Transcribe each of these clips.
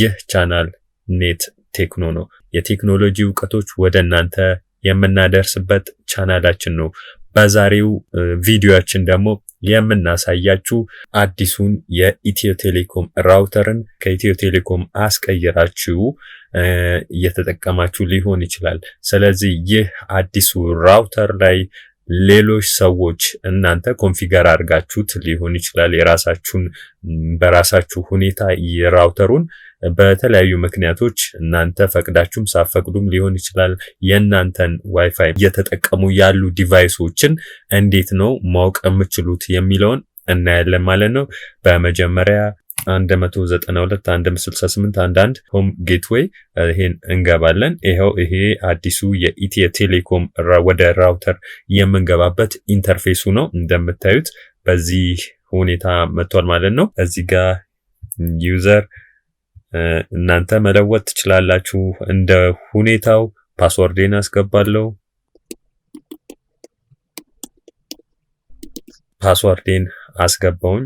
ይህ ቻናል ኔት ቴክኖ ነው። የቴክኖሎጂ እውቀቶች ወደ እናንተ የምናደርስበት ቻናላችን ነው። በዛሬው ቪዲዮችን ደግሞ የምናሳያችሁ አዲሱን የኢትዮ ቴሌኮም ራውተርን ከኢትዮ ቴሌኮም አስቀይራችሁ እየተጠቀማችሁ ሊሆን ይችላል። ስለዚህ ይህ አዲሱ ራውተር ላይ ሌሎች ሰዎች እናንተ ኮንፊገር አድርጋችሁት ሊሆን ይችላል። የራሳችሁን በራሳችሁ ሁኔታ የራውተሩን በተለያዩ ምክንያቶች እናንተ ፈቅዳችሁም ሳፈቅዱም ሊሆን ይችላል። የእናንተን ዋይፋይ እየተጠቀሙ ያሉ ዲቫይሶችን እንዴት ነው ማወቅ የምችሉት የሚለውን እናያለን ማለት ነው። በመጀመሪያ አንድ መቶ ዘጠና ሆም ጌትዌይ ይሄን እንገባለን። ይኸው ይሄ አዲሱ የኢትዮ ቴሌኮም ወደ ራውተር የምንገባበት ኢንተርፌሱ ነው። እንደምታዩት በዚህ ሁኔታ መጥቷል ማለት ነው። እዚህ ጋር ዩዘር እናንተ መለወጥ ትችላላችሁ እንደ ሁኔታው። ፓስወርዴን አስገባለሁ። ፓስወርዴን አስገባውኝ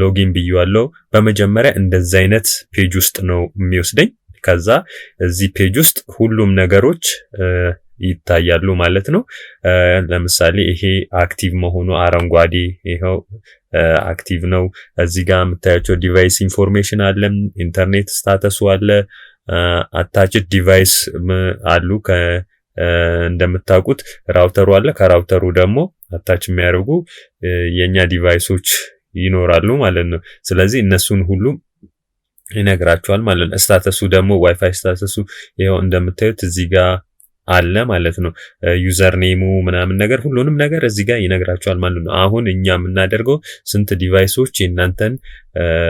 ሎጊን ብያዋለው። በመጀመሪያ እንደዚ አይነት ፔጅ ውስጥ ነው የሚወስደኝ። ከዛ እዚህ ፔጅ ውስጥ ሁሉም ነገሮች ይታያሉ ማለት ነው። ለምሳሌ ይሄ አክቲቭ መሆኑ አረንጓዴ፣ ይኸው አክቲቭ ነው። እዚህ ጋር የምታያቸው ዲቫይስ ኢንፎርሜሽን አለ፣ ኢንተርኔት ስታተሱ አለ፣ አታችድ ዲቫይስ አሉ። እንደምታውቁት ራውተሩ አለ። ከራውተሩ ደግሞ አታች የሚያደርጉ የእኛ ዲቫይሶች ይኖራሉ ማለት ነው። ስለዚህ እነሱን ሁሉ ይነግራቸዋል ማለት ነው። ስታተሱ ደግሞ ዋይፋይ ስታተሱ ይኸው እንደምታዩት እዚህ ጋር አለ ማለት ነው። ዩዘር ኔሙ ምናምን ነገር ሁሉንም ነገር እዚህ ጋር ይነግራቸዋል ማለት ነው። አሁን እኛ የምናደርገው ስንት ዲቫይሶች የእናንተን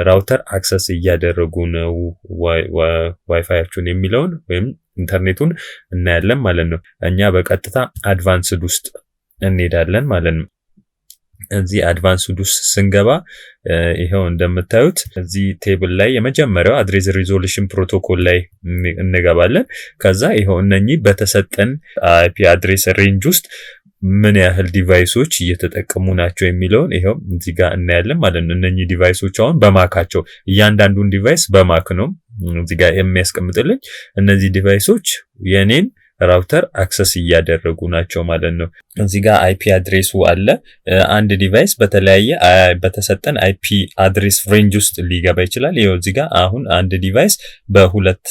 ራውተር አክሰስ እያደረጉ ነው ዋይፋያችሁን የሚለውን ወይም ኢንተርኔቱን እናያለን ማለት ነው። እኛ በቀጥታ አድቫንስድ ውስጥ እንሄዳለን ማለት ነው። እዚህ አድቫንስ ዱስ ውስጥ ስንገባ ይኸው እንደምታዩት እዚህ ቴብል ላይ የመጀመሪያው አድሬስ ሪዞሉሽን ፕሮቶኮል ላይ እንገባለን። ከዛ ይኸው እነኚህ በተሰጠን አይፒ አድሬስ ሬንጅ ውስጥ ምን ያህል ዲቫይሶች እየተጠቀሙ ናቸው የሚለውን ይኸው እዚህ ጋር እናያለን ማለት ነው። እነኚህ ዲቫይሶች አሁን በማካቸው እያንዳንዱን ዲቫይስ በማክ ነው እዚህ ጋር የሚያስቀምጥልኝ እነዚህ ዲቫይሶች የኔን ራውተር አክሰስ እያደረጉ ናቸው ማለት ነው። እዚህ ጋር አይፒ አድሬሱ አለ። አንድ ዲቫይስ በተለያየ በተሰጠን አይፒ አድሬስ ሬንጅ ውስጥ ሊገባ ይችላል። ይኸው እዚህ ጋር አሁን አንድ ዲቫይስ በሁለት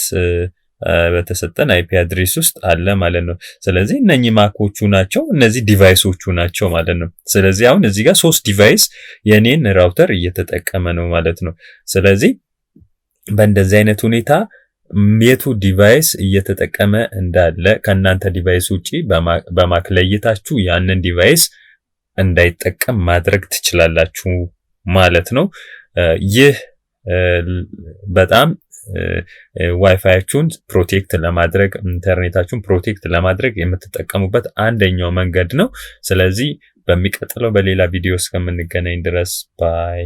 በተሰጠን አይፒ አድሬስ ውስጥ አለ ማለት ነው። ስለዚህ እነኚህ ማኮቹ ናቸው፣ እነዚህ ዲቫይሶቹ ናቸው ማለት ነው። ስለዚህ አሁን እዚህ ጋር ሶስት ዲቫይስ የኔን ራውተር እየተጠቀመ ነው ማለት ነው። ስለዚህ በእንደዚህ አይነት ሁኔታ የቱ ዲቫይስ እየተጠቀመ እንዳለ ከእናንተ ዲቫይስ ውጪ በማክ ለይታችሁ ያንን ዲቫይስ እንዳይጠቀም ማድረግ ትችላላችሁ ማለት ነው። ይህ በጣም ዋይፋያችሁን ፕሮቴክት ለማድረግ ኢንተርኔታችሁን ፕሮቴክት ለማድረግ የምትጠቀሙበት አንደኛው መንገድ ነው። ስለዚህ በሚቀጥለው በሌላ ቪዲዮ እስከምንገናኝ ድረስ ባይ